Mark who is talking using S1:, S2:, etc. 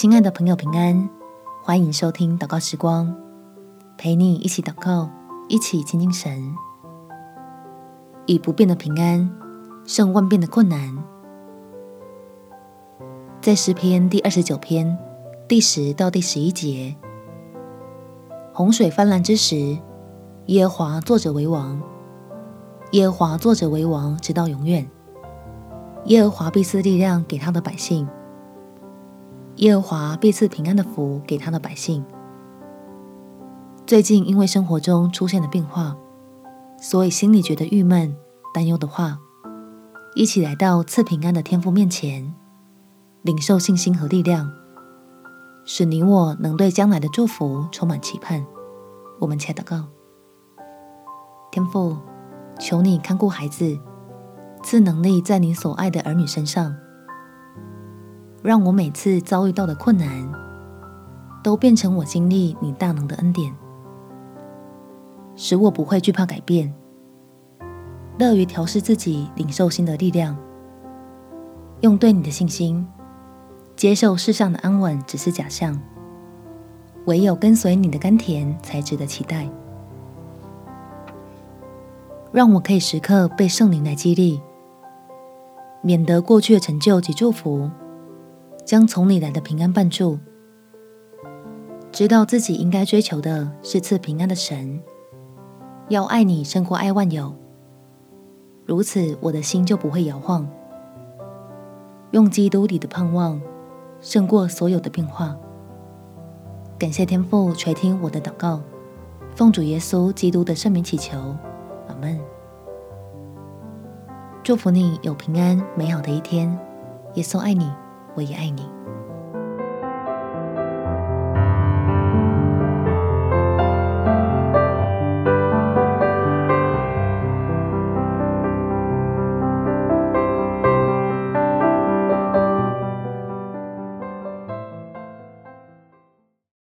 S1: 親愛的朋友，平安，歡迎收聽禱告時光，陪你一起禱告，一起親近神，以不變的平安勝萬變的困難。在詩篇第二十九篇第十到第十一節，洪水氾濫之時，耶和華坐著為王，耶和華坐著為王，直到永遠。耶和華必賜力量給他的百姓。耶和華必賜平安的福給他的百姓。最近因為生活中出現了變化，所以心裡覺得鬱悶、擔憂的話，一起來到賜平安的天父面前，領受信心和力量，使你我能對將來的祝福充滿期盼。我們且禱告：天父，求你看顧孩子，賜能力在你所愛的兒女身上。讓我每次遭遇到的困難，都變成我經歷你大能的恩典，使我不會懼怕改變，樂於調適自己，領受新的力量。用對你的信心，接受世上的安穩只是假象，唯有跟隨你的甘甜才值得期待。讓我可以時刻被聖靈來激勵，免得過去的成就及祝福。將從你來的平安伴住，知道自己應該追求的是賜平安的神，要愛你勝過愛萬有。如此，我的心就不會搖晃。用基督裡的盼望，勝過所有的變化。感謝天父垂聽我的禱告，奉主耶穌基督的聖名祈求，阿門。祝福你有平安美好的一天，耶穌愛你。我也愛你。